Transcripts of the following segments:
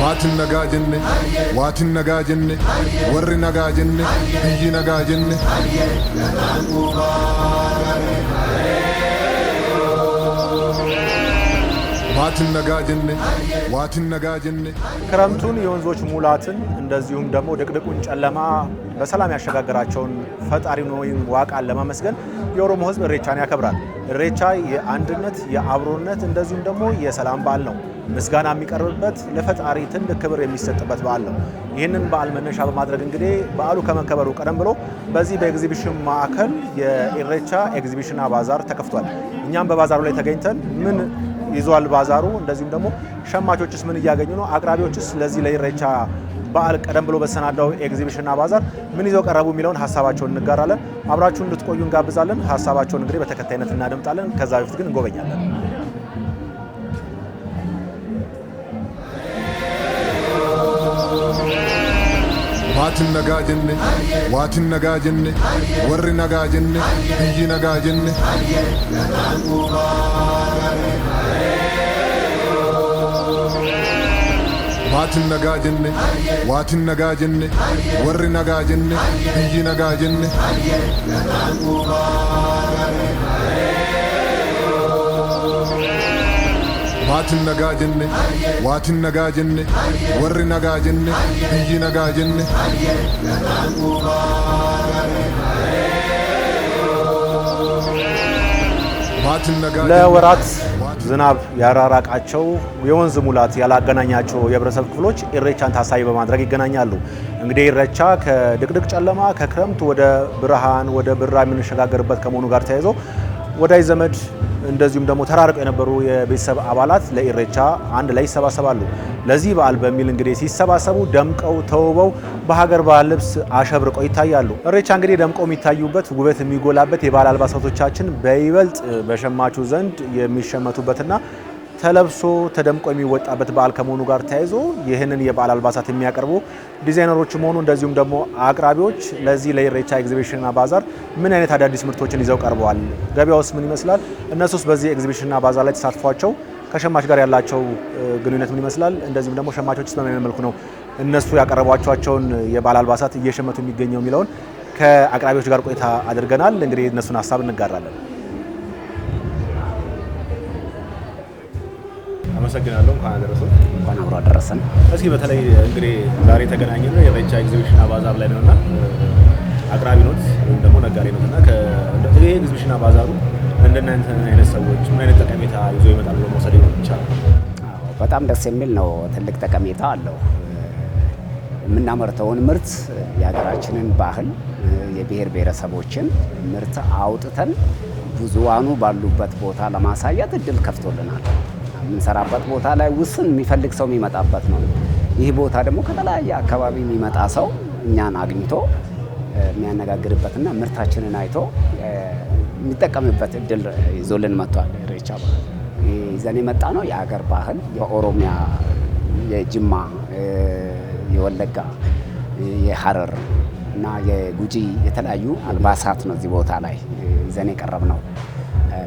waatin nagaa jenne waatin nagaa jenne warri nagaa jenne biyyi nagaa jenne. ክረምቱን የወንዞች ሙላትን እንደዚሁም ደግሞ ድቅድቁን ጨለማ በሰላም ያሸጋገራቸውን ፈጣሪን ወይም ዋቃን ለማመስገን የኦሮሞ ሕዝብ እሬቻን ያከብራል። እሬቻ የአንድነት፣ የአብሮነት እንደዚሁም ደግሞ የሰላም በዓል ነው። ምስጋና የሚቀርብበት ለፈጣሪ ትልቅ ክብር የሚሰጥበት በዓል ነው። ይህንን በዓል መነሻ በማድረግ እንግዲህ በዓሉ ከመከበሩ ቀደም ብሎ በዚህ በኤግዚቢሽን ማዕከል የኢሬቻ ኤግዚቢሽን ባዛር ተከፍቷል። እኛም በባዛሩ ላይ ተገኝተን ምን ይዟል ባዛሩ። እንደዚሁም ደግሞ ሸማቾችስ ምን እያገኙ ነው? አቅራቢዎችስ ለዚህ ለኢሬቻ በዓል ቀደም ብሎ በሰናዳው ኤግዚቢሽንና ባዛር ምን ይዘው ቀረቡ የሚለውን ሀሳባቸውን እንጋራለን። አብራችሁን እንድትቆዩ እንጋብዛለን። ሀሳባቸውን እንግዲህ በተከታይነት እናደምጣለን። ከዛ በፊት ግን እንጎበኛለን። waatin nagaa jenne waatin nagaa jenne warri nagaa jenne biyyi nagaa jenne. Baatiin nagaa jenne, waatiin nagaa jenne, warri nagaa jenne, biyyi nagaa jenne. Baatiin nagaa jenne, waatiin nagaa jenne, warri nagaa jenne, biyyi nagaa jenne. ለወራት ዝናብ ያራራቃቸው የወንዝ ሙላት ያላገናኛቸው የህብረተሰብ ክፍሎች ኢሬቻን ታሳቢ በማድረግ ይገናኛሉ። እንግዲህ ኢሬቻ ከድቅድቅ ጨለማ ከክረምት ወደ ብርሃን ወደ ብራ የምንሸጋገርበት ከመሆኑ ጋር ተያይዞ ወዳጅ ዘመድ እንደዚሁም ደግሞ ተራርቀው የነበሩ የቤተሰብ አባላት ለኢሬቻ አንድ ላይ ይሰባሰባሉ። ለዚህ በዓል በሚል እንግዲህ ሲሰባሰቡ ደምቀው ተውበው በሀገር ባህል ልብስ አሸብርቀው ይታያሉ። እሬቻ እንግዲህ ደምቀው የሚታዩበት ውበት የሚጎላበት የባህል አልባሳቶቻችን በይበልጥ በሸማቹ ዘንድ የሚሸመቱበትና ተለብሶ ተደምቆ የሚወጣበት በዓል ከመሆኑ ጋር ተያይዞ ይህንን የበዓል አልባሳት የሚያቀርቡ ዲዛይነሮች መሆኑ እንደዚሁም ደግሞ አቅራቢዎች ለዚህ ለኢሬቻ ኤግዚቢሽንና ባዛር ምን አይነት አዳዲስ ምርቶችን ይዘው ቀርበዋል፣ ገበያውስ ምን ይመስላል፣ እነሱስ በዚህ ኤግዚቢሽንና ባዛር ላይ ተሳትፏቸው ከሸማች ጋር ያላቸው ግንኙነት ምን ይመስላል፣ እንደዚሁም ደግሞ ሸማቾችስ በምን መልኩ ነው እነሱ ያቀረቧቸውን የበዓል አልባሳት እየሸመቱ የሚገኘው የሚለውን ከአቅራቢዎች ጋር ቆይታ አድርገናል። እንግዲህ እነሱን ሀሳብ እንጋራለን። አመሰግናለሁ። እንኳን አደረሰን። እንኳን አብሮ አደረሰን። እስኪ በተለይ እንግዲህ ዛሬ ነው የኢሬቻ ኤግዚቢሽን አባዛር ላይ ነውና አቅራቢ ኖት ወይም ደግሞ ነጋዴ ኖት እና ይሄ ኤግዚቢሽን አባዛሩ እንደናንተ አይነት ሰዎች ምን አይነት ጠቀሜታ ይዞ ይመጣል ብሎ መውሰድ ይቻላል? በጣም ደስ የሚል ነው። ትልቅ ጠቀሜታ አለው። የምናመርተውን ምርት የሀገራችንን ባህል የብሔር ብሔረሰቦችን ምርት አውጥተን ብዙዋኑ ባሉበት ቦታ ለማሳየት እድል ከፍቶልናል። የምንሰራበት ቦታ ላይ ውስን የሚፈልግ ሰው የሚመጣበት ነው። ይህ ቦታ ደግሞ ከተለያየ አካባቢ የሚመጣ ሰው እኛን አግኝቶ የሚያነጋግርበትና ምርታችንን አይቶ የሚጠቀምበት እድል ይዞልን መጥቷል። ኢሬቻ ባህል ይዘን የመጣ ነው። የሀገር ባህል የኦሮሚያ፣ የጅማ፣ የወለጋ፣ የሀረር እና የጉጂ የተለያዩ አልባሳት ነው እዚህ ቦታ ላይ ይዘን የቀረብ ነው።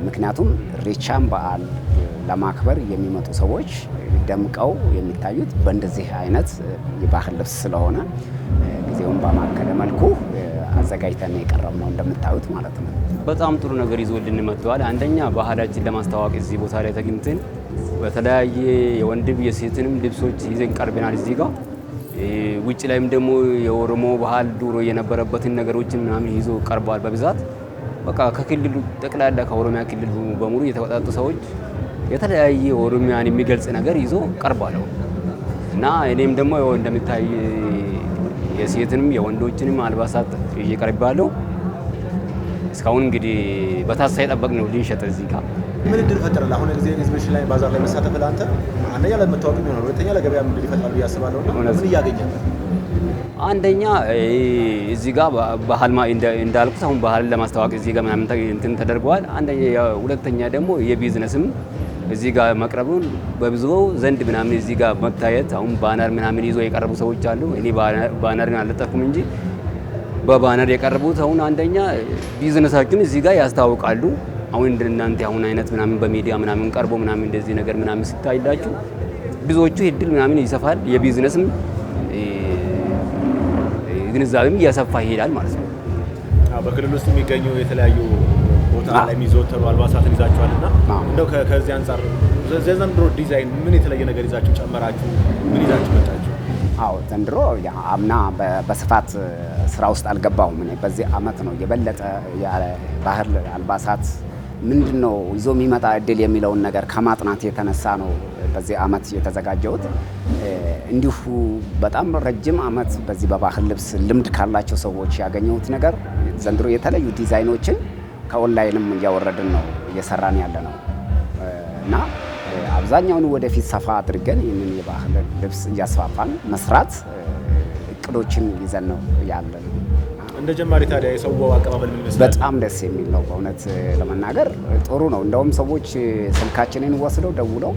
ምክንያቱም ኢሬቻን በዓል ለማክበር የሚመጡ ሰዎች ደምቀው የሚታዩት በእንደዚህ አይነት የባህል ልብስ ስለሆነ ጊዜውን በማከለ መልኩ አዘጋጅተን የቀረብ ነው እንደምታዩት ማለት ነው። በጣም ጥሩ ነገር ይዞልን መጥተዋል። አንደኛ ባህላችን ለማስተዋወቅ እዚህ ቦታ ላይ ተገኝተን በተለያየ የወንድም የሴትንም ልብሶች ይዘን ቀርበናል እዚህ ጋር ውጭ ላይም ደግሞ የኦሮሞ ባህል ድሮ የነበረበትን ነገሮችን ምናምን ይዞ ቀርበዋል በብዛት በቃ ከክልሉ ጠቅላላ ከኦሮሚያ ክልል በሙሉ የተወጣጡ ሰዎች የተለያየ ኦሮሚያን የሚገልጽ ነገር ይዞ ቀርባለሁ እና እኔም ደግሞ እንደሚታይ የሴትንም የወንዶችንም አልባሳት እየቀርባለሁ። እስካሁን እንግዲህ በታሳ የጠበቅ ነው ሸጠ እዚህ ጋር ምን እድል ፈጠራል? አሁን ጊዜ ኤግዚቢሽን ላይ ባዛር ላይ መሳተፍ ለአንተ አንደኛ ለመታወቅ ይሆናል፣ ሁለተኛ ለገበያ ምድል ይፈጥራል ብዬ አስባለሁ። ምን እያገኘ አንደኛ እዚህ ጋር ባህል እንዳልኩት አሁን ባህልን ለማስተዋወቅ እዚህ ጋር ምናምን እንትን ተደርገዋል። አንደኛ ሁለተኛ ደግሞ የቢዝነስም እዚህ ጋር መቅረቡ በብዙ ዘንድ ምናምን እዚህ ጋር መታየት አሁን ባነር ምናምን ይዞ የቀረቡ ሰዎች አሉ። እኔ ባነር አልለጠፍኩም እንጂ በባነር የቀረቡት አሁን አንደኛ ቢዝነሳችን እዚህ ጋር ያስታውቃሉ። አሁን እንደናንተ አሁን አይነት ምናምን በሚዲያ ምናምን ቀርቦ ምናምን እንደዚህ ነገር ምናምን ሲታይላችሁ ብዙዎቹ እድል ምናምን ይሰፋል። የቢዝነስም ግንዛቤም እያሰፋ ይሄዳል ማለት ነው። በክልል ውስጥ የሚገኙ የተለያዩ ከተማ ላይ የሚዘወተሩ አልባሳትን ይዛችኋል እና እንደው ከዚህ አንጻር ዘንድሮ ዲዛይን ምን የተለየ ነገር ይዛችሁ ጨመራችሁ? ምን ይዛችሁ መጣችሁ? አዎ ዘንድሮ አምና በስፋት ስራ ውስጥ አልገባሁም። እኔ በዚህ አመት ነው የበለጠ ባህል አልባሳት ምንድን ነው ይዞ የሚመጣ እድል የሚለውን ነገር ከማጥናት የተነሳ ነው በዚህ አመት የተዘጋጀሁት። እንዲሁ በጣም ረጅም አመት በዚህ በባህል ልብስ ልምድ ካላቸው ሰዎች ያገኘሁት ነገር ዘንድሮ የተለዩ ዲዛይኖችን ከኦንላይንም እያወረድን ነው እየሰራን ያለ ነው እና አብዛኛውን ወደፊት ሰፋ አድርገን ይህንን የባህል ልብስ እያስፋፋን መስራት እቅዶችን ይዘን ነው ነው። እንደ ጀማሪ ታዲያ የሰው አቀባበል ምን ይመስላል? በጣም ደስ የሚል ነው። በእውነት ለመናገር ጥሩ ነው። እንደውም ሰዎች ስልካችንን ወስደው ደውለው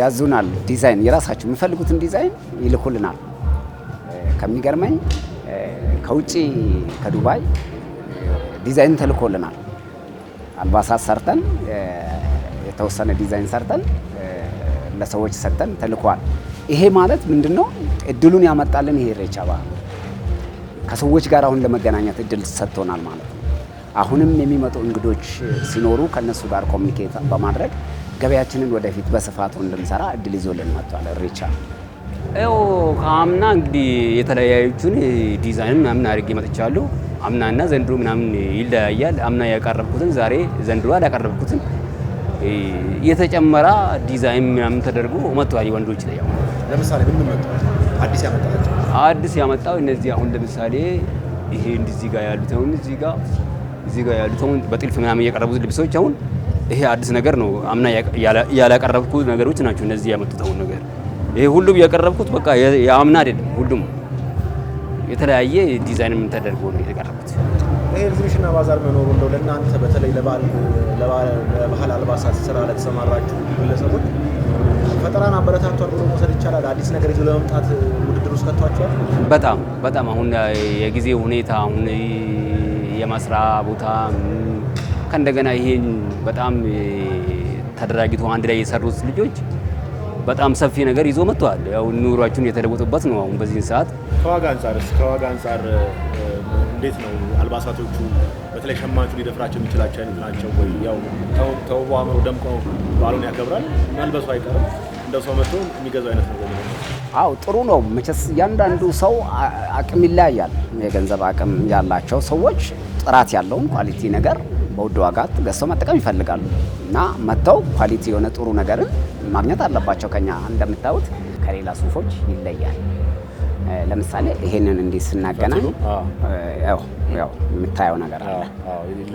ያዙናል። ዲዛይን የራሳቸው የሚፈልጉትን ዲዛይን ይልኩልናል። ከሚገርመኝ ከውጭ ከዱባይ ዲዛይን ተልኮልናል። አልባሳት ሰርተን የተወሰነ ዲዛይን ሰርተን ለሰዎች ሰጥተን ተልኳል። ይሄ ማለት ምንድነው? እድሉን ያመጣልን ይሄ ኢሬቻ ባህል ከሰዎች ጋር አሁን ለመገናኘት እድል ሰጥቶናል ማለት ነው። አሁንም የሚመጡ እንግዶች ሲኖሩ ከነሱ ጋር ኮሚኒኬት በማድረግ ገበያችንን ወደፊት በስፋቱ እንድንሰራ እድል ይዞልን መጥቷል ኢሬቻ። ያው ከአምና እንግዲህ የተለያዩትን ዲዛይን ምናምን አድርጌ መጥቻለሁ። አምናና ዘንድሮ ምናምን ይለያያል። አምና ያቀረብኩትን ዛሬ ዘንድሮ ያላቀረብኩትን የተጨመራ ዲዛይን ምናምን ተደርጎ መጥቷል። ወንዶች ላይ ያው ለምሳሌ ምን አዲስ ያመጣቸው አዲስ ያመጣው እነዚህ አሁን ለምሳሌ ይሄ እንደዚህ ጋር ያሉት አሁን እዚህ ጋር እዚህ ጋር ያሉት አሁን በጥልፍ ምናምን ያቀረቡት ልብሶች አሁን ይሄ አዲስ ነገር ነው። አምና ያላቀረብኩት ነገሮች ናቸው እነዚህ ያመጡት አሁን ነገር ይሄ ሁሉም ያቀረብኩት በቃ የአምና አይደለም ሁሉም የተለያየ ዲዛይን ተደርጎ ነው የተቀረቡት። ይህ ኤግዚቢሽንና ባዛር መኖሩ እንደው ለእናንተ በተለይ ለባህል አልባሳት ስራ ለተሰማራችሁ ግለሰቦች ፈጠራን አበረታቷል ብሎ መውሰድ ይቻላል። አዲስ ነገር ይዞ ለመምጣት ውድድር ውስጥ ከቷቸዋል። በጣም በጣም አሁን የጊዜ ሁኔታ አሁን የመስራ ቦታ ከእንደገና ይሄን በጣም ተደራጅቶ አንድ ላይ የሰሩት ልጆች በጣም ሰፊ ነገር ይዞ መጥተዋል። ያው ኑሯችን የተለወጡበት ነው። አሁን በዚህን ሰዓት ከዋጋ አንጻር ከዋጋ አንጻር እንዴት ነው አልባሳቶቹ በተለይ ሸማቹ ሊደፍራቸው የሚችላቸው አይነት ናቸው ወይ? ያው ተውቦ አምሮ ደምቆ በዓሉን ያከብራል፣ መልበሱ አይቀርም። እንደው ሰው መጥቶ የሚገዛው አይነት ነው። አው ጥሩ ነው። መቼስ እያንዳንዱ ሰው አቅም ይለያያል። የገንዘብ አቅም ያላቸው ሰዎች ጥራት ያለውን ኳሊቲ ነገር በውድ ዋጋ ገዝተው መጠቀም ይፈልጋሉ እና መጥተው ኳሊቲ የሆነ ጥሩ ነገርን ማግኘት አለባቸው። ከኛ እንደምታዩት ከሌላ ሱፎች ይለያል። ለምሳሌ ይሄንን እንዴት ስናገናኝ ያው የምታየው ነገር አለ፣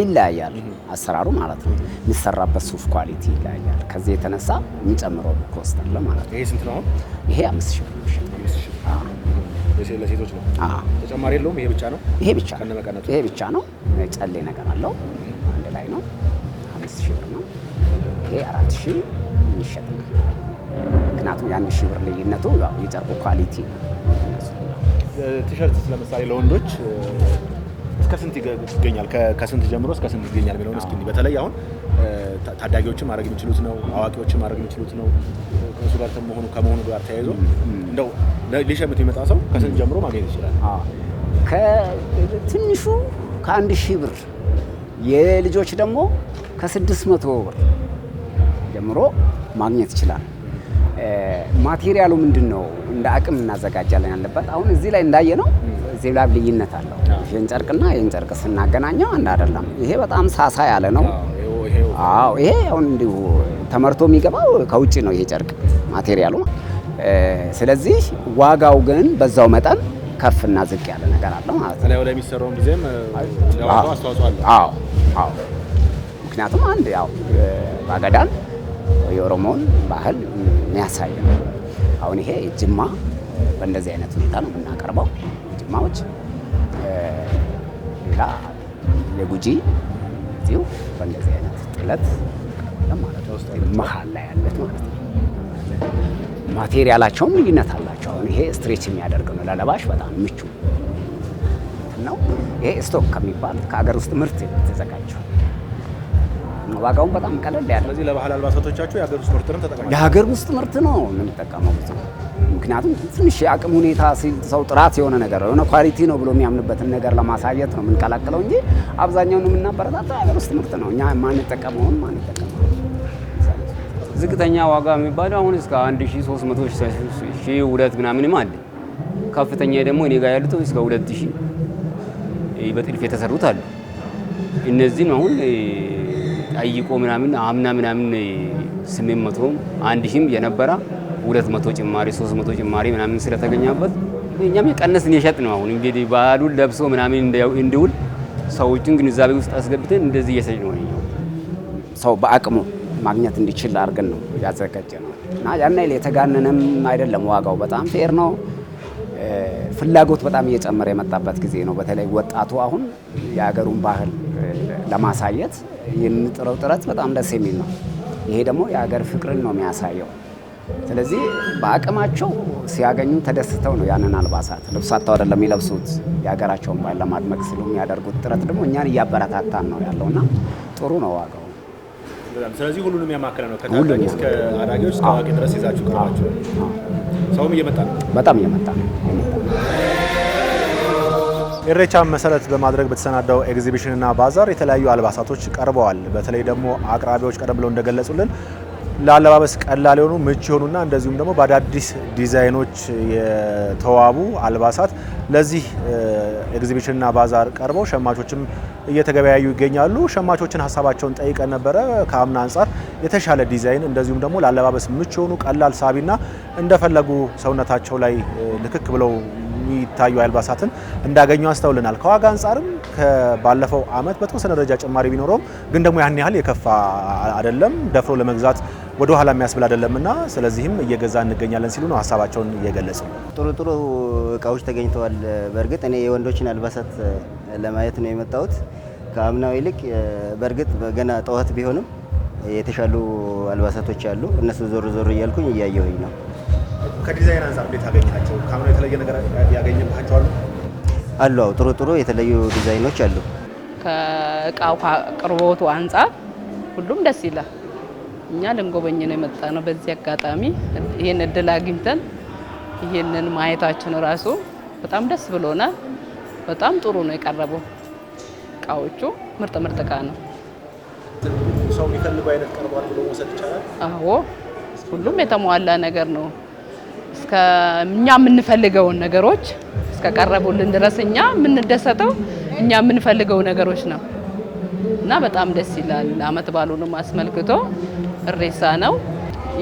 ይለያያል አሰራሩ ማለት ነው። የሚሰራበት ሱፍ ኳሊቲ ይለያያል። ከዚህ የተነሳ የሚጨምረው ኮስት አለ ማለት ነው። ይሄ ስንት ነው? ይሄ አምስት ሺህ ብር ለሴቶች ነው። ተጨማሪ የለውም። ይሄ ብቻ ነው። ይሄ ብቻ ነው። ይሄ ብቻ ነው። ጨሌ ነገር አለው። አንድ ላይ ነው፣ አምስት ሺህ ብር ነው። ይሄ አራት ሺህ የሚሸጥ ነው። ምክንያቱም የአንድ ሺህ ብር ልዩነቱ የጨርቁ ኳሊቲ ቲሸርት ለምሳሌ ለወንዶች እስከ ስንት ይገኛል? ከስንት ጀምሮ እስከ ስንት ይገኛል የሚለውን እስኪ በተለይ አሁን ታዳጊዎች ማድረግ የሚችሉት ነው፣ አዋቂዎች ማድረግ የሚችሉት ነው። ከእሱ ጋር ከመሆኑ ከመሆኑ ጋር ተያይዞ እንደው ሊሸምት የሚመጣ ሰው ከስንት ጀምሮ ማግኘት ይችላል? ትንሹ ከአንድ ሺህ ብር የልጆች ደግሞ ከስድስት መቶ ብር ጀምሮ ማግኘት ይችላል። ማቴሪያሉ ምንድን ነው? እንደ አቅም እናዘጋጃለን ያለበት። አሁን እዚህ ላይ እንዳየ ነው እዚህ ላይ ልዩነት አለው። ይህን ጨርቅና ይህን ጨርቅ ስናገናኘው አንድ አይደለም። ይሄ በጣም ሳሳ ያለ ነው። አዎ ይሄ አሁን እንዲሁ ተመርቶ የሚገባው ከውጭ ነው ይሄ ጨርቅ ማቴሪያሉ። ስለዚህ ዋጋው ግን በዛው መጠን ከፍ እና ዝቅ ያለ ነገር አለ ማለት ነው። ለሚሰራው ጊዜም አስተዋጽኦ አለ። አዎ አዎ። ምክንያቱም አንድ ያው ባገዳን የኦሮሞውን ባህል የሚያሳይ ነው። አሁን ይሄ ጅማ በእንደዚህ አይነት ሁኔታ ነው የምናቀርበው። ጅማዎች ሌላ የጉጂ እዚሁ በእንደዚህ አይነት ጥለት ማለት ነው መሀል ላይ ያለት ማለት ነው። ማቴሪያላቸውም ልዩነት አላቸው። አሁን ይሄ ስትሬች የሚያደርግ ነው፣ ለለባሽ በጣም ምቹ ነው። ይሄ ስቶክ ከሚባል ከሀገር ውስጥ ምርት የተዘጋጀው ዋጋውን በጣም ቀለል ያለ። ስለዚህ ለባህል አልባሳቶቻችሁ የሀገር ውስጥ ምርት ነው ተጠቅማችሁ? የሀገር ውስጥ ምርት ነው የምንጠቀመው ብዙ። ምክንያቱም ትንሽ የአቅም ሁኔታ ሰው ጥራት የሆነ ነገር የሆነ ኳሊቲ ነው ብሎ የሚያምንበትን ነገር ለማሳየት ነው የምንቀላቅለው እንጂ አብዛኛውን የምናበረታታ የሀገር ውስጥ ምርት ነው። እኛ ማንጠቀመውን ማንጠቀመው ዝቅተኛ ዋጋ የሚባለው አሁን እስከ 1300 ሺህ ሁለት ምናምንም አለ። ከፍተኛ ደግሞ እኔ ጋር ያሉት እስከ 2000 በጥልፍ የተሰሩት አሉ። እነዚህም አሁን ጠይቆ ምናምን አምና ምናምን 800 አንድ ሺህም የነበረ 200 ጭማሪ 300 ጭማሪ ምናምን ስለተገኘበት እኛም የቀነስን የሸጥ ነው። አሁን እንግዲህ ባህሉን ለብሶ ምናምን እንዲውል ሰዎችን ግንዛቤ ውስጥ አስገብተን እንደዚህ እየሰጭ ነው ሰው በአቅሙ ማግኘት እንዲችል አድርገን ነው ያዘጋጀ ነው እና ያን ይል የተጋነነም አይደለም። ዋጋው በጣም ፌር ነው። ፍላጎት በጣም እየጨመረ የመጣበት ጊዜ ነው። በተለይ ወጣቱ አሁን የሀገሩን ባህል ለማሳየት የሚጥረው ጥረት በጣም ደስ የሚል ነው። ይሄ ደግሞ የሀገር ፍቅርን ነው የሚያሳየው። ስለዚህ በአቅማቸው ሲያገኙ ተደስተው ነው ያንን አልባሳት ልብስ አጥተው አይደለም የሚለብሱት። የሀገራቸውን ባህል ለማድመቅ ሲሉ የሚያደርጉት ጥረት ደግሞ እኛን እያበረታታን ነው ያለውና ጥሩ ነው ዋጋው በጣም ስለዚህ ሁሉንም ያማከለ ነው። ከታዳጊ እስከ አዳጊዎች እስከ ታዋቂ ድረስ ይዛችሁ ቀርባችሁ ሰውም እየመጣ ነው፣ በጣም እየመጣ ነው። ኢሬቻ መሰረት በማድረግ በተሰናዳው ኤግዚቢሽንና ባዛር የተለያዩ አልባሳቶች ቀርበዋል። በተለይ ደግሞ አቅራቢዎች ቀደም ብለው እንደገለጹልን ለአለባበስ ቀላል የሆኑ ምቹ የሆኑና እንደዚሁም ደግሞ በአዳዲስ ዲዛይኖች የተዋቡ አልባሳት ለዚህ ኤግዚቢሽንና ባዛር ቀርበው ሸማቾችም እየተገበያዩ ይገኛሉ። ሸማቾችን ሀሳባቸውን ጠይቀን ነበረ። ከአምና አንጻር የተሻለ ዲዛይን እንደዚሁም ደግሞ ለአለባበስ ምቹ የሆኑ ቀላል ሳቢና እንደፈለጉ ሰውነታቸው ላይ ልክክ ብለው የሚታዩ አልባሳትን እንዳገኙ አስተውልናል። ከዋጋ አንጻርም ከባለፈው ዓመት በተወሰነ ደረጃ ጭማሪ ቢኖረውም ግን ደግሞ ያን ያህል የከፋ አይደለም፣ ደፍሮ ለመግዛት ወደ ኋላ የሚያስብል አይደለምና ስለዚህም እየገዛ እንገኛለን ሲሉ ነው ሀሳባቸውን እየገለጹ። ጥሩ ጥሩ እቃዎች ተገኝተዋል። በእርግጥ እኔ የወንዶችን አልባሳት ለማየት ነው የመጣሁት ከአምናው ይልቅ በእርግጥ ገና ጠዋት ቢሆንም የተሻሉ አልባሳቶች አሉ። እነሱ ዞር ዞር እያልኩኝ እያየሁኝ ነው። ከዲዛይን አንጻር እንዴት አገኛቸው? ከአምና የተለየ ነገር ያገኘባቸው አሉ? አሉ። ጥሩ ጥሩ የተለዩ ዲዛይኖች አሉ። ከእቃው አቅርቦቱ አንጻር ሁሉም ደስ ይላል። እኛ ልንጎበኝ ነው የመጣ ነው። በዚህ አጋጣሚ ይህን እድል አግኝተን ይህንን ማየታችን ራሱ በጣም ደስ ብሎናል። በጣም ጥሩ ነው የቀረበው። እቃዎቹ ምርጥ ምርጥ እቃ ነው። ሰው የሚፈልገው አይነት ቀርቧል ብሎ መውሰድ ይቻላል። አዎ፣ ሁሉም የተሟላ ነገር ነው። እስከ እኛ የምንፈልገውን ነገሮች እስከቀረቡልን ድረስ እኛ የምንደሰተው እኛ የምንፈልገው ነገሮች ነው እና በጣም ደስ ይላል። አመት በዓሉንም አስመልክቶ እሬሳ ነው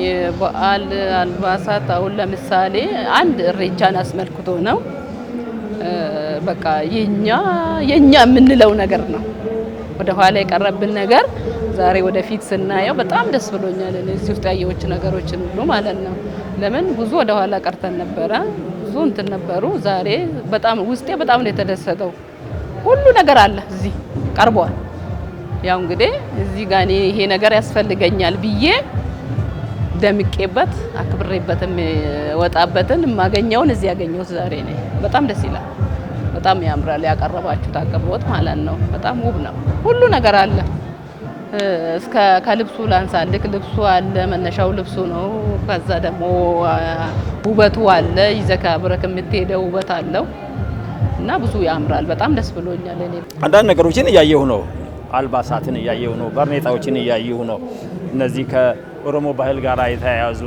የበዓል አልባሳት። አሁን ለምሳሌ አንድ እሬቻን አስመልክቶ ነው በቃ የኛ የኛ የምንለው ነገር ነው ወደኋላ የቀረብን ነገር ዛሬ ወደፊት ስናየው በጣም ደስ ብሎኛል። እዚህ ውስጥ ያየዎች ነገሮችን ሁሉ ማለት ነው። ለምን ብዙ ወደኋላ ቀርተን ነበረ፣ ብዙ እንትን ነበሩ። ዛሬ በጣም ውስጤ በጣም ነው የተደሰተው። ሁሉ ነገር አለ እዚህ ቀርቧል። ያው እንግዲህ እዚህ ጋር እኔ ይሄ ነገር ያስፈልገኛል ብዬ ደምቄበት አክብሬበትም ወጣበትን የማገኘውን እዚህ ያገኘሁት ዛሬ ነው። በጣም ደስ ይላል። በጣም ያምራል። ያቀረባችሁት አቅርቦት ማለት ነው። በጣም ውብ ነው። ሁሉ ነገር አለ። እስከ ከልብሱ ልክ ልብሱ አለ መነሻው ልብሱ ነው። ከዛ ደግሞ ውበቱ አለ ይዘካ ብረክ የምትሄደው ውበት አለው እና ብዙ ያምራል። በጣም ደስ ብሎኛል። እኔ አንዳንድ ነገሮችን እያየሁ ነው። አልባሳትን እያየሁ ነው። ባርኔጣዎችን እያየሁ ነው። እነዚህ ከኦሮሞ ባህል ጋር የተያያዙ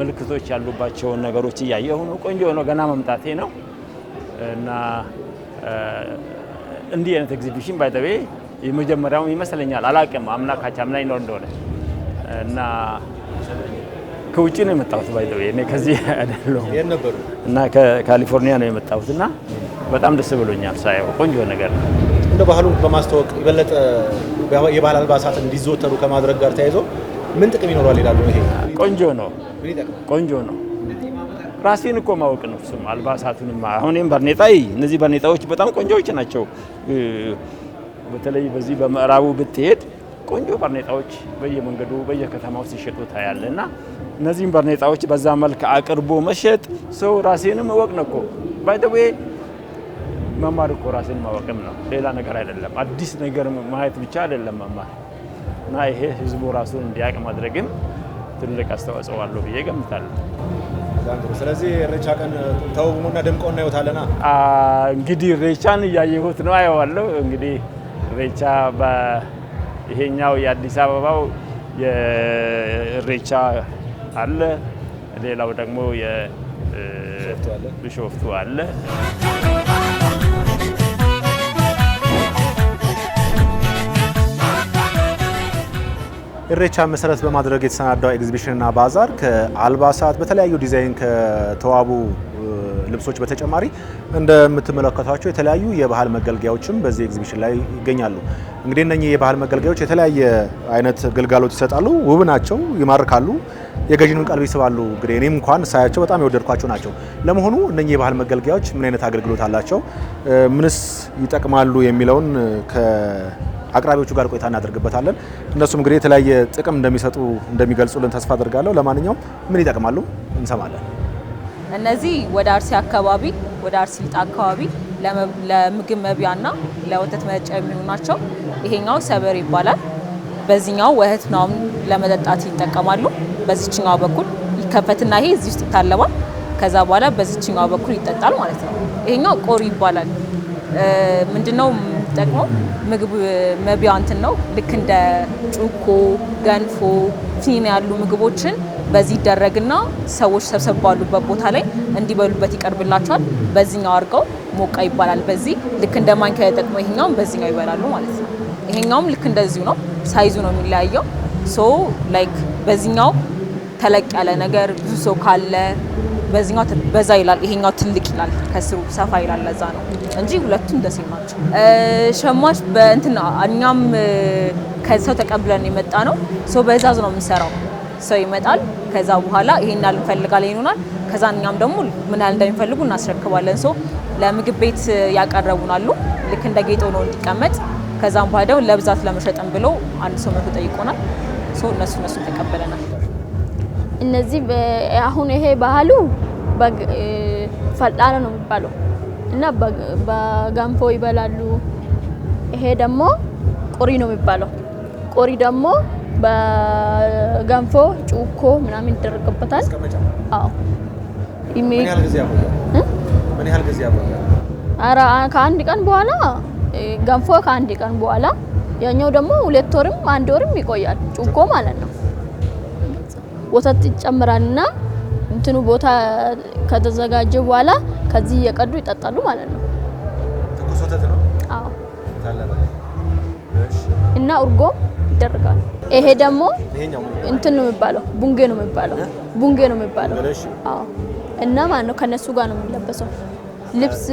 ምልክቶች ያሉባቸውን ነገሮች እያየሁ ነው። ቆንጆ ነው። ገና መምጣቴ ነው እና እንዲህ አይነት ኤግዚቢሽን ባይተቤ የመጀመሪያውም ይመስለኛል አላቅም አምላካቻም ላይ ነው እንደሆነ እና ከውጭ ነው የመጣሁት። ባይዘው እኔ ከዚህ አይደለሁም እና ከካሊፎርኒያ ነው የመጣሁት እና በጣም ደስ ብሎኛል ሳየው፣ ቆንጆ ነገር ነው። እንደ ባህሉን በማስተዋወቅ የበለጠ የባህል አልባሳት እንዲዘወተሩ ከማድረግ ጋር ተያይዞ ምን ጥቅም ይኖረዋል ይላሉ? ይሄ ቆንጆ ነው፣ ቆንጆ ነው። ራሴን እኮ ማወቅ ነው። እሱም አልባሳቱንም አሁን ባርኔጣ፣ እነዚህ ባርኔጣዎች በጣም ቆንጆዎች ናቸው። በተለይ በዚህ በምዕራቡ ብትሄድ ቆንጆ በርኔጣዎች በየመንገዱ በየከተማው ሲሸጡ ታያለ እና እነዚህም በርኔጣዎች በዛ መልክ አቅርቦ መሸጥ ሰው ራሴንም እወቅ ነው እኮ መማር እኮ ራሴን ማወቅም ነው፣ ሌላ ነገር አይደለም። አዲስ ነገር ማየት ብቻ አይደለም መማር እና ይሄ ህዝቡ ራሱን እንዲያውቅ ማድረግም ትልቅ አስተዋጽኦ አለው ብዬ ገምታለሁ። ስለዚህ ሬቻ ቀን ተውሙና ደምቆ እናየውታለና እንግዲህ ሬቻን እያየሁት ነው አየዋለሁ እንግዲህ ኢሬቻ ይሄኛው የአዲስ አበባው የኢሬቻ አለ፣ ሌላው ደግሞ የቢሾፍቱ አለ። ኢሬቻ መሰረት በማድረግ የተሰናዳው ኤግዚቢሽንና ባዛር ከአልባሳት በተለያዩ ዲዛይን ከተዋቡ ልብሶች በተጨማሪ እንደምትመለከቷቸው የተለያዩ የባህል መገልገያዎችም በዚህ ኤግዚቢሽን ላይ ይገኛሉ። እንግዲህ እነኚህ የባህል መገልገያዎች የተለያየ አይነት ግልጋሎት ይሰጣሉ። ውብ ናቸው፣ ይማርካሉ፣ የገዥንም ቀልብ ይስባሉ። እንግዲህ እኔም እንኳን ሳያቸው በጣም የወደድኳቸው ናቸው። ለመሆኑ እነኚህ የባህል መገልገያዎች ምን አይነት አገልግሎት አላቸው፣ ምንስ ይጠቅማሉ የሚለውን አቅራቢዎቹ ጋር ቆይታ እናደርግበታለን። እነሱም እንግዲህ የተለያየ ጥቅም እንደሚሰጡ እንደሚገልጹልን ተስፋ አድርጋለሁ። ለማንኛውም ምን ይጠቅማሉ እንሰማለን። እነዚህ ወደ አርሲ አካባቢ ወደ አርሲ ልጣ አካባቢ ለምግብ መብያና ለወተት መጠጫ የሚሆኑ ናቸው። ይሄኛው ሰበር ይባላል። በዚህኛው ወህት ምናምን ለመጠጣት ይጠቀማሉ። በዚችኛው በኩል ይከፈትና ይሄ እዚህ ውስጥ ይታለባል። ከዛ በኋላ በዚችኛው በኩል ይጠጣል ማለት ነው። ይሄኛው ቆሪ ይባላል። ምንድነው የሚጠቅመው? ምግብ መብያ እንትን ነው። ልክ እንደ ጩኮ፣ ገንፎ፣ ፊን ያሉ ምግቦችን በዚህ ይደረግና ሰዎች ሰብሰብ ባሉበት ቦታ ላይ እንዲበሉበት ይቀርብላቸዋል። በዚህኛው አድርገው ሞቃ ይባላል። በዚህ ልክ እንደ ማንኪያ ተጠቅሞ ይሄኛውም በዚህኛው ይበላሉ ማለት ነው። ይሄኛውም ልክ እንደዚሁ ነው። ሳይዙ ነው የሚለያየው። ሶ ላይክ በዚህኛው ተለቅ ያለ ነገር ብዙ ሰው ካለ በዚህኛው በዛ ይላል፣ ይሄኛው ትልቅ ይላል፣ ከስሩ ሰፋ ይላል። ለዛ ነው እንጂ ሁለቱም ደሴ ናቸው። ሸማች በእንትና እኛም ከሰው ተቀብለን የመጣ ነው። ሶ በእዛዝ ነው የምንሰራው ሰው ይመጣል። ከዛ በኋላ ይሄን ያህል እንፈልጋለን ይሆናል። ከዛ እኛም ደግሞ ምን ያህል እንደሚፈልጉ እናስረክባለን። ሰው ለምግብ ቤት ያቀረቡን አሉ። ልክ እንደ ጌጦ ነው እንዲቀመጥ። ከዛም በኋላ ደግሞ ለብዛት ለመሸጥም ብሎ አንድ ሰው መቶ ጠይቆናል። ሰው እነሱ እነሱ ተቀበለናል። እነዚህ አሁን ይሄ ባህሉ ፈልጣና ነው የሚባለው እና በገንፎ ይበላሉ። ይሄ ደግሞ ቆሪ ነው የሚባለው። ቆሪ ደግሞ በገንፎ ጩኮ ምናምን ይደረግበታል። አዎ ከአንድ ቀን በኋላ ገንፎ ከአንድ ቀን በኋላ ያኛው ደግሞ ሁለት ወርም አንድ ወርም ይቆያል። ጩኮ ማለት ነው። ወተት ይጨምራልና እንትኑ ቦታ ከተዘጋጀ በኋላ ከዚህ እየቀዱ ይጠጣሉ ማለት ነው። ትኩስ ወተት ነው። እና እርጎ ይደረጋል። ይሄ ደግሞ እንትን ነው የሚባለው፣ ቡንጌ ነው የሚባለው፣ ቡንጌ ነው የሚባለው። አዎ። እና ማን ነው ከነሱ ጋር ነው የሚለበሰው ልብስ።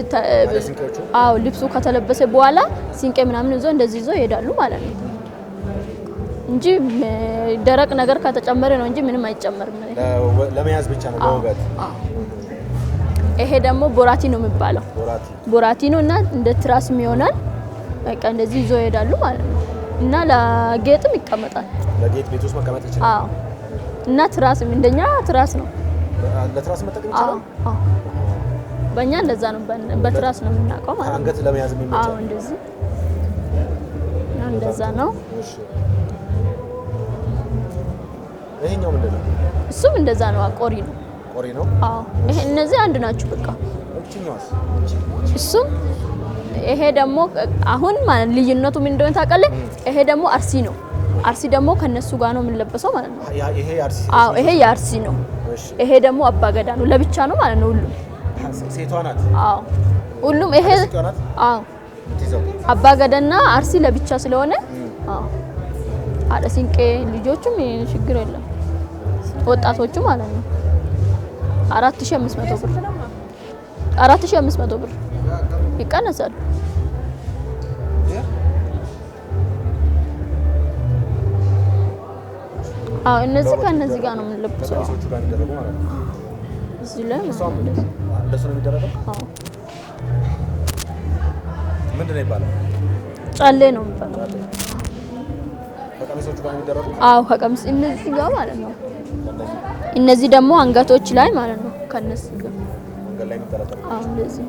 አዎ፣ ልብሱ ከተለበሰ በኋላ ሲንቄ ምናምን ይዞ እንደዚህ ይዞ ይሄዳሉ ማለት ነው እንጂ ደረቅ ነገር ከተጨመረ ነው እንጂ ምንም አይጨመርም። ለመያዝ ብቻ ነው ለውበት። ይሄ ደግሞ ቦራቲ ነው የሚባለው ቦራቲ ነው እና እንደ ትራስም ይሆናል። በቃ እንደዚህ ይዞ ይሄዳሉ ማለት ነው። እና ለጌጥም ይቀመጣል። ለጌጥ ቤት ውስጥ መቀመጥ ይችላል። አዎ። እና ትራስም እንደኛ ትራስ ነው። ለትራስ መጠቀም ይችላል። አዎ። በእኛ እንደዛ ነው፣ በትራስ ነው የምናውቀው ማለት ነው። አንገት ለመያዝ የሚመጣው አዎ፣ እንደዚህ እንደዛ ነው። ይሄኛው ምንድን ነው? እሱም እንደዛ ነው። አቆሪ ነው። ቆሪ ነው። አዎ። ይሄ እነዚህ አንድ ናቸው በቃ። እሱም ይሄ ደግሞ አሁን ልዩነቱ ምን እንደሆነ ታውቃለህ? ይሄ ደግሞ አርሲ ነው። አርሲ ደግሞ ከነሱ ጋር ነው የምንለበሰው ማለት ነው። ይሄ አርሲ አዎ፣ ይሄ የአርሲ ነው። ይሄ ደግሞ አባገዳ ነው። ለብቻ ነው ማለት ነው። ሁሉም ሴቷ ናት። አዎ፣ ሁሉም ይሄ አዎ፣ አባገዳና አርሲ ለብቻ ስለሆነ አዎ፣ አለ ሲንቄ ልጆቹም ችግር የለም። ወጣቶቹ ማለት ነው 4500 ብር 4500 ብር ይቀነሳሉ። አዎ እነዚህ ከእነዚህ ጋር ነው የምንለብሰው። እዚህ ላይ ምንድነው ይባላል? ጫሌ ነው የሚባለው። አዎ ከቀሚስ እነዚህ ጋር ማለት ነው። እነዚህ ደግሞ አንገቶች ላይ ማለት ነው ከእነዚህ ጋር አዎ እንደዚህ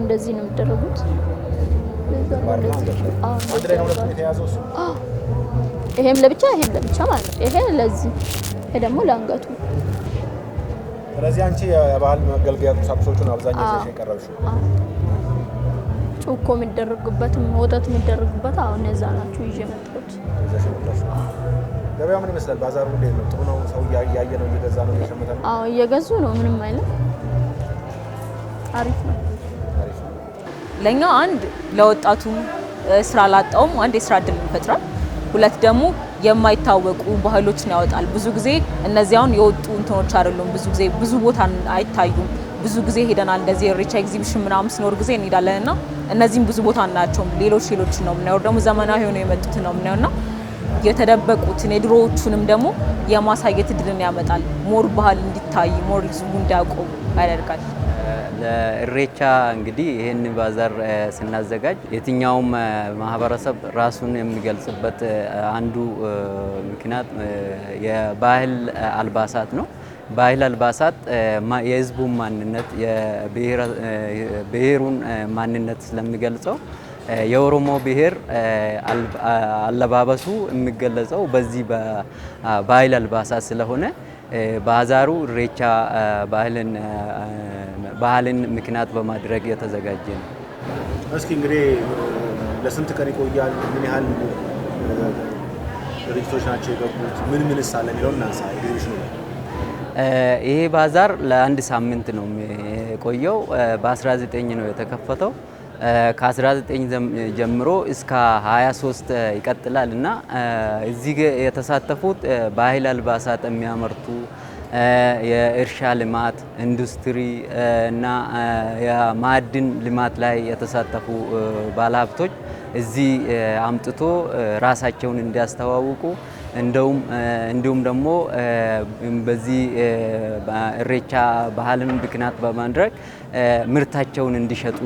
እንደዚህ ነው የሚደረጉት። ይሄም ለብቻ ይሄም ለብቻ ማለት ነው። ይሄ ለዚህ ይሄ ደግሞ ለአንገቱ። ስለዚህ አንቺ የባህል መገልገያ ቁሳቁሶቹን አብዛኛው ጊዜ የቀረብሽው ጩኮ የሚደረግበትም ወተት የሚደረግበት አሁን እነዛ ናቸው ይዤ መጣሁት። ገበያ ምን ይመስላል? ባዛሩ እንዴት ነው? ጥሩ ነው? ሰው እያየ ነው? እየገዛ ነው? እየሸመተ ነው? አዎ እየገዙ ነው። ምንም አይልም። አሪፍ ነው። ለእኛ አንድ ለወጣቱም ስራ ላጣውም አንድ የስራ እድል ይፈጥራል። ሁለት ደግሞ የማይታወቁ ባህሎችን ያወጣል። ብዙ ጊዜ እነዚያውን የወጡ እንትኖች አይደሉም። ብዙ ጊዜ ብዙ ቦታ አይታዩም። ብዙ ጊዜ ሄደናል። እንደዚህ ኢሬቻ ኤግዚቢሽን ምናምን ሲኖር ጊዜ እንሄዳለን እና እነዚህም ብዙ ቦታ እናያቸውም። ሌሎች ሌሎችን ነው የምናየው። ደግሞ ዘመናዊ ሆነው የመጡትን ነው የምናየው እና የተደበቁትን የድሮዎቹንም ደግሞ የማሳየት እድልን ያመጣል። ሞር ባህል እንዲታይ ሞር ህዝቡ እንዲያውቁ ያደርጋል። ለእሬቻ እንግዲህ ይህን ባዛር ስናዘጋጅ የትኛውም ማህበረሰብ ራሱን የሚገልጽበት አንዱ ምክንያት የባህል አልባሳት ነው። ባህል አልባሳት የህዝቡን ማንነት የብሔሩን ማንነት ስለሚገልጸው የኦሮሞ ብሔር አለባበሱ የሚገለጸው በዚህ በባህል አልባሳት ስለሆነ ባዛሩ ኢሬቻ ባህልን ምክንያት በማድረግ የተዘጋጀ ነው። እስኪ እንግዲህ ለስንት ቀን ይቆያል? ምን ያህል ድርጅቶች ናቸው የገቡት? ምን ምን አለ የሚለውን እናንሳ። ይሄ ባዛር ለአንድ ሳምንት ነው የቆየው። በ19 ነው የተከፈተው። ከ19 ጀምሮ እስከ 23 ይቀጥላል እና እዚህ የተሳተፉት ባህል አልባሳት የሚያመርቱ የእርሻ ልማት ኢንዱስትሪ እና የማዕድን ልማት ላይ የተሳተፉ ባለሀብቶች እዚህ አምጥቶ ራሳቸውን እንዲያስተዋውቁ እንደውም እንዲሁም ደግሞ በዚህ እሬቻ ባህልን ምክንያት በማድረግ ምርታቸውን እንዲሸጡ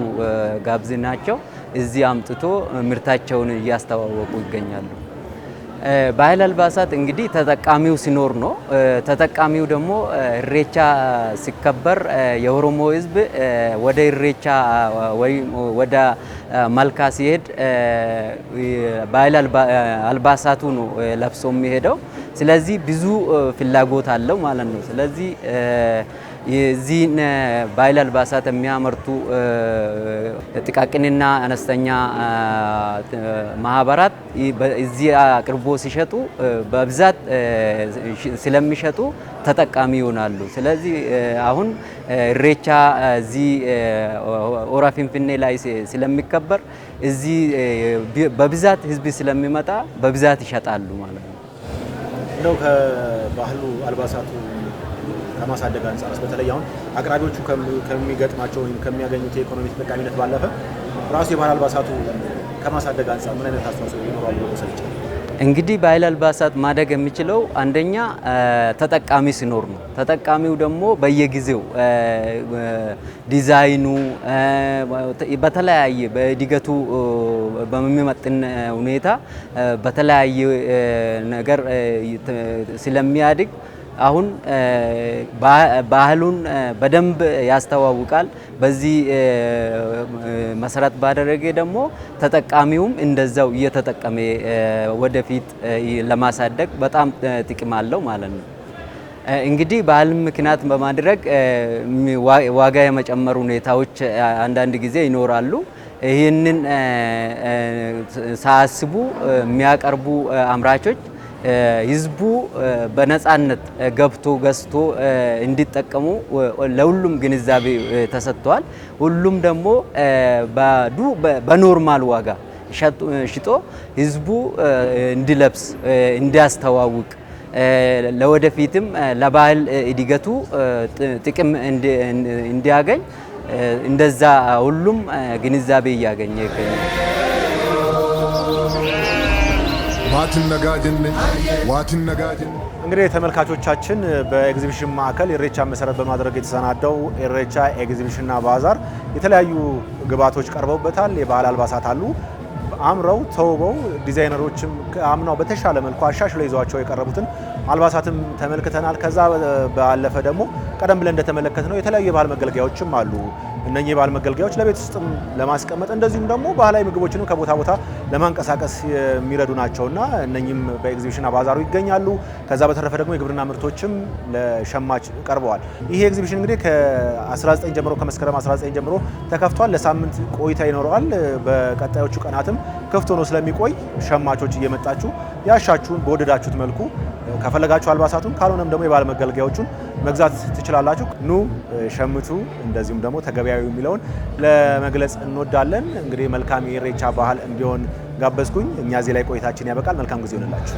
ጋብዝናቸው እዚህ አምጥቶ ምርታቸውን እያስተዋወቁ ይገኛሉ። ባህል አልባሳት እንግዲህ ተጠቃሚው ሲኖር ነው። ተጠቃሚው ደግሞ እሬቻ ሲከበር የኦሮሞ ሕዝብ ወደ እሬቻ ወይም ወደ መልካ ሲሄድ ባህል አልባሳቱ ነው ለብሶ የሚሄደው። ስለዚህ ብዙ ፍላጎት አለው ማለት ነው። ስለዚህ የዚህን ባህል አልባሳት የሚያመርቱ ጥቃቅንና አነስተኛ ማህበራት እዚህ አቅርቦ ሲሸጡ በብዛት ስለሚሸጡ ተጠቃሚ ይሆናሉ። ስለዚህ አሁን ኢሬቻ እዚህ ሆራ ፊንፊኔ ላይ ስለሚከበር እዚህ በብዛት ህዝብ ስለሚመጣ በብዛት ይሸጣሉ ማለት ነው። ከባህሉ አልባሳቱ ከማሳደግ አንጻር በተለይ አሁን አቅራቢዎቹ ከሚገጥማቸው ወይም ከሚያገኙት የኢኮኖሚ ተጠቃሚነት ባለፈ ራሱ የባህል አልባሳቱ ከማሳደግ አንጻር ምን አይነት አስተዋጽኦ ይኖረዋል ብሎ መውሰድ እንግዲህ ባህል አልባሳት ማደግ የሚችለው አንደኛ ተጠቃሚ ሲኖር ነው። ተጠቃሚው ደግሞ በየጊዜው ዲዛይኑ በተለያየ በእድገቱ በሚመጥን ሁኔታ በተለያየ ነገር ስለሚያድግ አሁን ባህሉን በደንብ ያስተዋውቃል። በዚህ መሰረት ባደረገ ደግሞ ተጠቃሚውም እንደዛው እየተጠቀመ ወደፊት ለማሳደግ በጣም ጥቅም አለው ማለት ነው። እንግዲህ ባህልን ምክንያት በማድረግ ዋጋ የመጨመር ሁኔታዎች አንዳንድ ጊዜ ይኖራሉ። ይህንን ሳያስቡ የሚያቀርቡ አምራቾች ህዝቡ በነፃነት ገብቶ ገዝቶ እንዲጠቀሙ ለሁሉም ግንዛቤ ተሰጥቷል ሁሉም ደግሞ ባዱ በኖርማል ዋጋ ሽጦ ህዝቡ እንዲለብስ እንዲያስተዋውቅ ለወደፊትም ለባህል እድገቱ ጥቅም እንዲያገኝ እንደዛ ሁሉም ግንዛቤ እያገኘ ይገኛል። እንግዲህ ተመልካቾቻችን በኤግዚቢሽን ማዕከል ኢሬቻ መሰረት በማድረግ የተሰናደው ኢሬቻ ኤግዚቢሽንና ባዛር የተለያዩ ግብዓቶች ቀርበውበታል። የባህል አልባሳት አሉ አምረው ተውበው ዲዛይነሮችም አምናው በተሻለ መልኩ አሻሽለው ይዘዋቸው የቀረቡትን አልባሳትም ተመልክተናል። ከዛ ባለፈ ደግሞ ቀደም ብለን እንደተመለከት ነው የተለያዩ የባህል መገልገያዎችም አሉ። እነኚህ የባህል መገልገያዎች ለቤት ውስጥም ለማስቀመጥ እንደዚሁም ደግሞ ባህላዊ ምግቦችንም ከቦታ ቦታ ለማንቀሳቀስ የሚረዱ ናቸውና እነኚህም በኤግዚቢሽን አባዛሩ ይገኛሉ። ከዛ በተረፈ ደግሞ የግብርና ምርቶችም ለሸማች ቀርበዋል። ይሄ ኤግዚቢሽን እንግዲህ ከ19 ጀምሮ ከመስከረም 19 ጀምሮ ተከፍቷል። ለሳምንት ቆይታ ይኖረዋል። በቀጣዮቹ ቀናትም ክፍት ሆኖ ስለሚቆይ ሸማቾች እየመጣችሁ ያሻችሁን በወደዳችሁት መልኩ ከፈለጋችሁ አልባሳቱን ካልሆነም ደግሞ የባለ መገልገያዎቹን መግዛት ትችላላችሁ። ኑ ሸምቱ። እንደዚሁም ደግሞ ተገበያዩ የሚለውን ለመግለጽ እንወዳለን። እንግዲህ መልካም የኢሬቻ ባህል እንዲሆን ጋበዝኩኝ። እኛ እዚህ ላይ ቆይታችን ያበቃል። መልካም ጊዜ ይሆንላችሁ።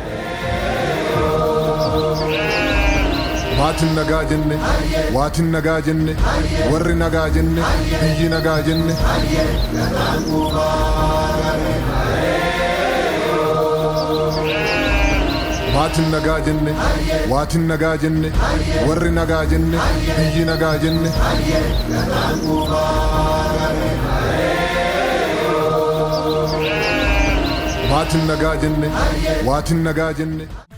maatiin nagaa ዋትን waatiin nagaa jenne warri nagaa Baatiin nagaa jenne, waatiin nagaa jenne, warri nagaa jenne, biyyi nagaa jenne. Baatiin nagaa jenne, waatiin nagaa jenne.